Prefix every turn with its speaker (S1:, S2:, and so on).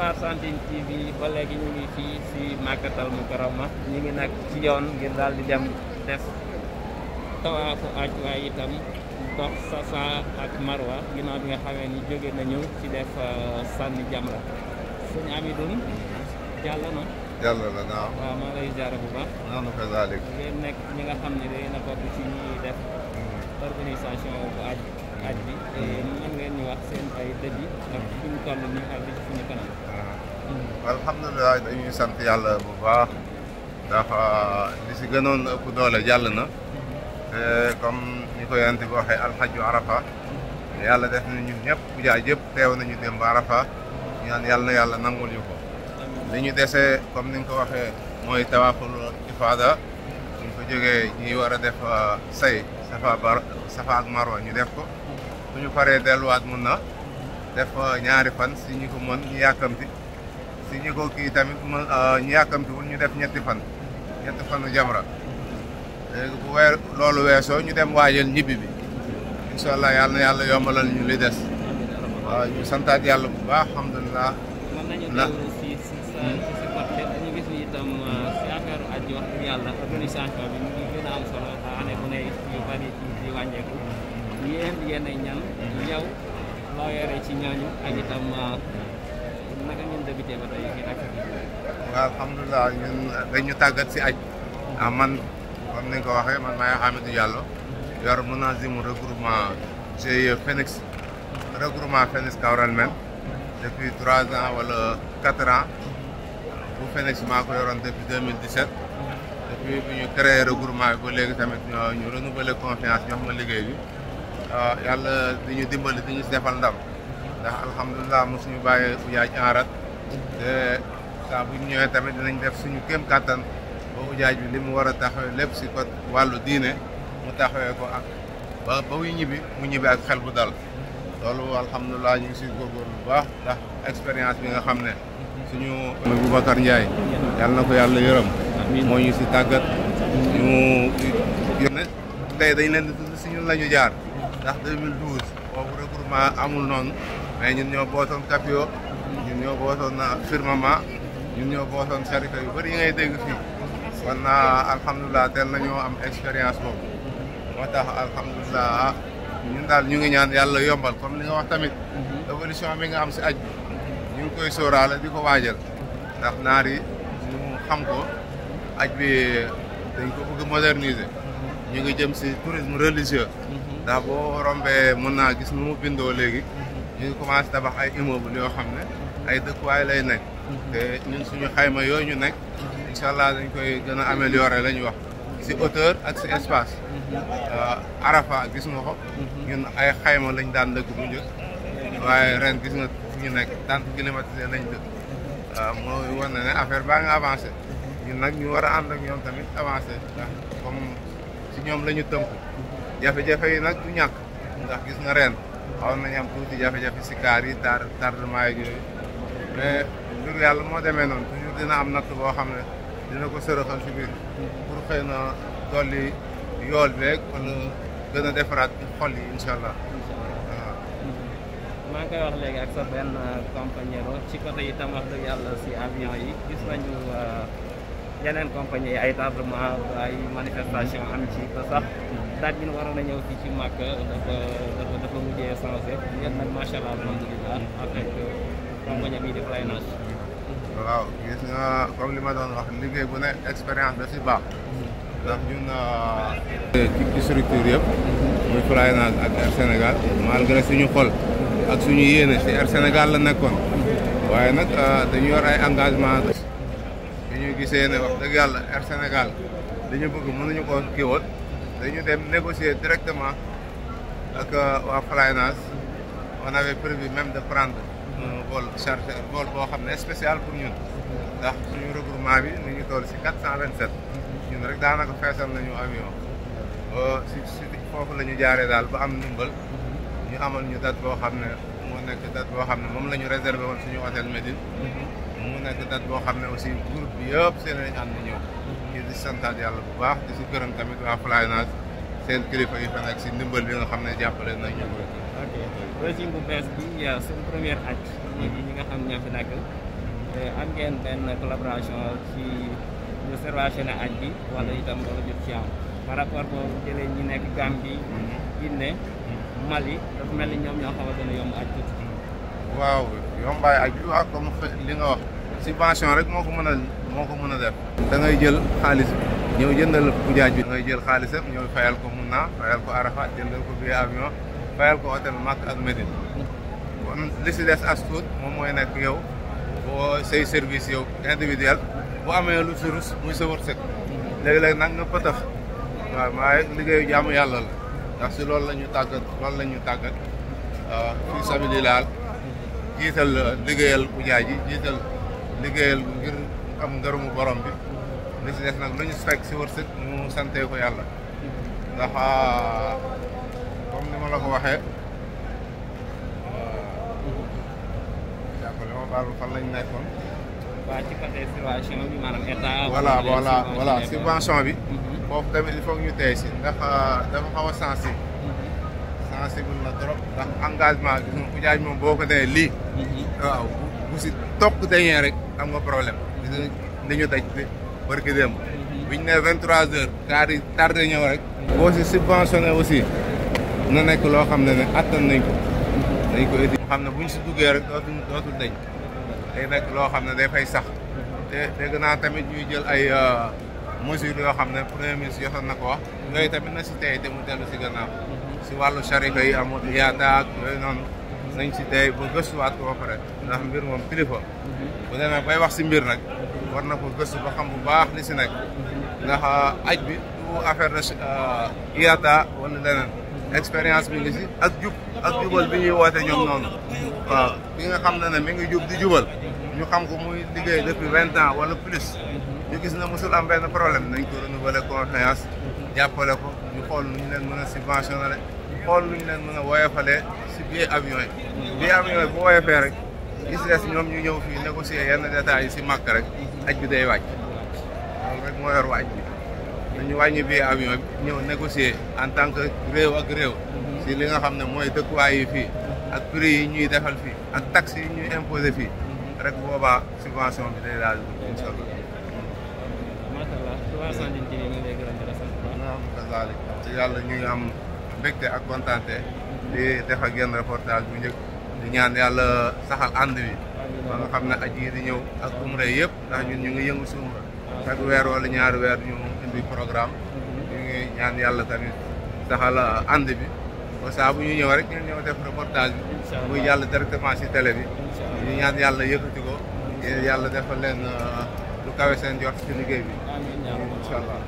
S1: Argentine TV ba léegi ñu ngi fii si Makkatal Mukarrama ñu ngi nag ci yoon ngir daal di dem def tawaafu aj waaye itam dox safa ak marwa ginnaaw bi nga xamee ni jóge nañu ci def euh, sànni jamra suñ ami dun jàll na
S2: jàll la naaw
S1: waaw maa lay jaare bu baax ngeen nekk ñi nga xam ne day na bokk ci ñuy def mm-hmm. organisation bu aj aj bi mm-hmm. mën ngeen ñu wax seen ay dëj yi toll nii ak fi kanam
S2: alhamdulilah dañuy sant yàlla bu baax ndax ah, li si gënoon ëpp doole jàll na comme ni ko yonent bi waxee alxaju arafa yàlla def na ñun ñëpp ujaa yëpp teew nañu démb arafa ñu naan yàlla na yàlla nangul ñu ko li ñu desee comme ni nga ko waxee mooy tawaaful ifaada ñu ko jógee ñi war a def ah, say safa bar safa ak marwa ñu def ko suñu paree delluwaat mun na def ñaari fan si ñu ko mën ñu yàkkamti si ñu ko kii tamit mën euh, ñu yàkkamtiwul ñu def ñetti fan ñetti fanu jamra loolu weesoo ñu dem waajal ñibbi bi incha allah yàlla na yàlla yombalal ñu li des waaw ñu yàlla bu baax alhamdulilah.
S1: na yàlla organisation bi ñu gën a am solo année bu ne yu bari di wàññeeku ñu indi yenn ñan hmm. yow loo yore ci ñooñu ak itam euh, waaw
S2: alhamdulilah ñun dañu tàggat si aj ah man comme ni ko waxee man maay Hamidou Diallo yor munazimu regroupement GIE Phoenix regroupement Phoenix Kaolack même depuis trois ans wala quatre ans bu Phoenix maa ko yoroon depuis 2017 depuis bu ñu créé regroupement bi ba léegi tamit ñu renouveler confiance ñoo xam liggéey bi yàlla di ñu dimbali di ñu defal ndam. ndax alhamdulilah mosuñu bàyyee ujaaj enrat te saa bu ñëwee tamit dinañ def suñu kéem kàttan ba ujaaj bi li mu war a taxawee lépp si ko wàllu diine mu taxawee ko ak ba ba muy ñibbi mu ñibbi ak xel bu dal loolu alhamdulilah ñu si siy góorgóorlu bu baax ndax expérience bi nga xam ne suñu Boubacar njaay yàlla na ko yàlla yërëm moo ñu si tàggat ñu yónne tey dañ leen di si ñun la ñu jaar ndax 2012 boobu regroupement amul noonu mais ñun ñoo bootoon Capio ñun ñoo bootoon ah, Firmament ñun ñoo bootoon sarifa yu bëri yi ngay dégg fii kon naa ah, alhamdulilah teel nañoo am expérience boobu moo tax alhamdulilah ah, ñun daal ñu ngi ñaan yàlla yombal comme li nga wax tamit évolution bi nga am si aj bi ñu ngi koy sóoraale di ko waajal ndax naar ñu xam ko aj bi dañ ko bëgg moderniser ñu ngi jëm si tourisme religieux ndax boo rombee mën naa gis nu mu bindoo léegi ñu ngi commencé tabax ay immeuble yoo xam ne ay dëkkuwaay lay nekk mhm. te ñun suñu xayma yooyu ñu nekk incha allah dañ koy gën a améliorer la ñu wax si hauteur ak si espace mhm. euh, arafa gis nga ko mhm. ñun ay xayma lañ daan dëkk bu njëkk waaye ren gis nga fi ñu nekk daan climatisé lañ dëkk waaw euh, mooy wane ne affaire baa nga avancé ñun nag ñu war a ànd ak ñoom tamit avancé ndax comme si ñoom lañu ñu tënk jafe-jafe yi nag du ñàkk ndax gis nga reen xawoon nañu am tuuti jafe-jafe si kaar yi tar tardement yeeg yooyu mais mbir yàlla moo demee noonu toujours dina am natt boo xam ne dina ko sërëxal si biir pour xëy na dolli yool beeg wala gën a defaraat xol yi incha allah.
S1: maa ngi koy wax ak sa benn compagnon ci côté itam wax dëgg yàlla si avion yi gis yeneen compagnie ay tardement ay manifestation am ci ba sax daaj bi ñu waroon a ñëw fii ci màkk dafa dafa dafa mujjee changé yéen nag macha allah alhamdulilah avec euh, compagnie
S2: gis nga comme li ma doon wax liggéey bu ne expérience de si baax ndax ñun euh, ci structure yëpp muy Freinage ak Air Sénégal malgré suñu xol ak suñu yéene si Air Sénégal la nekkoon waaye nag euh, dañu yor ay engagement gisee ne wax dëgg yàlla Air Sénégal li ñu bëgg mënuñu ko kii woon dañu dem négocier directement ak euh, waa Flynas on avait prévu même de prendre un vol chargé vol boo xam ne spécial pour ñun ndax suñu regroupement bi ñu ngi toll si 427 ñun rek daanaka feesal nañu avion si si foofu la ñu jaaree daal ba am ndimbal ñu amoon ñu date boo xam ne moo nekk date boo xam ne moom la ñu réservé woon suñu hôtel Médine mu nekk date boo xam ne aussi groupe bi yëpp seen nañ ànd ñëw kii mhm. santaat yàlla bu baax di si gërëm tamit waa Fly Night seen kilifa yi fa nekk si ndimbal bi nga xam ne
S1: jàppale nañ ñu ko ok projet bu bees bi yaa seen première at mhm. ñi nga xam ne ñoo fi nekk euh, am ngeen benn collaboration ci ñu servatione aj bi wala mhm. itam wala jot ci am par rapport boobu jëlee ñi nekk Gambie Guinée Mali dafa mel ni ñoom ñoo xamante ne yomb aj tuuti
S2: waaw yombaay ak bi waaw comme li nga wax subvention rek moo ko mën a moo ko mën a def dangay jël xaalis bi ñëw jëndal ujaaj bi da ngay jël xaalisam ñëw fayal ko mun naa fayal ko Arafat jëndal ko billet avion fayal ko hôtel Makka ak Médine kon li si des as moom mooy nekk yow boo sey service yow individuel bu amee lu turus muy sa wërsëg léegi-léegi nag nga pëtax waaw waaye liggéeyu jaamu yàlla la ndax si loolu la ñu tàggat lool la ñu tàggat fii sabilillah jiital liggéeyal ku jaay ji jiital liggéeyal ngir am ngërëmu borom bi li si des nag lu ñu fekk si wërsëg mu santee ko yàlla ndax ah, comme ni ma la ko
S1: waxee ah, jàppale ma lañ nekkoon waaw ci côté bi maanaam état voilà voilà voilà subvention bi
S2: mhm. foofu ñu tey ah, si sensible na trop ndax engagement bi moom Koudiagne moom boo ko nee lii. Mhm. waaw bu si tokk dañee rek am nga problème. gis mhm. ñu daj de barki démb. Mhm. bu ñu nee vingt trois heures. car yi tardé ñëw rek. boo si subventionné aussi na nekk loo xam ne ne attan nañ ko. dañ ko édi. xam ne buñ si duggee rek doo dootul dañ day nekk loo xam ne day fay sax. te dégg naa tamit ñuy jël ay. Euh, mesures yoo xam ne premier ministre jotoon na ko wax. yooyu tamit na si tey te mu dellu si gannaaw. si wàllu sarifa yi amoon yaata ak yooyu noonu nañ si tey ba gëstuwaat ko ba pare mbir moom kilifa bu demee bay wax si mbir nag war na ko gëstu ba xam bu baax li si nekk ndax ah, aj bi du affaire de yaata ah, wala leneen expérience bi ngi si ak jub ak jubal bi ñuy woote ñoom noonu waaw bi nga xam ne ne mi ngi jub di jubal ñu xam ko muy liggéey depuis vingt ans wala plus ñu gis na mosul am benn problème nañ ko renouveler confiance jàppale ko ñu xool nu ñu leen mën a subventionné xool nuñ leen mën a woyofalee si biir avion yi biir avion yi bu woyofee rek gis des ñoom ñu ñëw fii négocier yenn détails yi si màkk rek aj bi day wàcc loolu rek moo yor waaj bi dañu wàññi biir avion bi ñëw négocier en tant que réew ak réew si li nga xam ne mooy dëkkuwaay yi fii ak prix yi ñuy defal fii ak taxes yi ñuy imposer fii rek boobaa subvention bi day daal di incha allah. macha allah. waaw kazaalika yàlla ñu am. mbégte ak kontaante di def ak yenn reportage bu njëkk di ñaan yàlla saxal ànd bi ba nga xam ne aj yi di ñëw ak umra yëpp ndax ñu ngi yëngu si umra chaque weer wala ñaari weer ñu indi programme ñu ngi ñaan yàlla tamit saxal ànd bi ba saa bu ñu ñëw rek ñu ñëw def reportage bi muy yàlla directement si tele bi ñu ñaan yàlla yëkkati ko yàlla defal leen euh, lu kawe seen jot si liggéey bi incha allah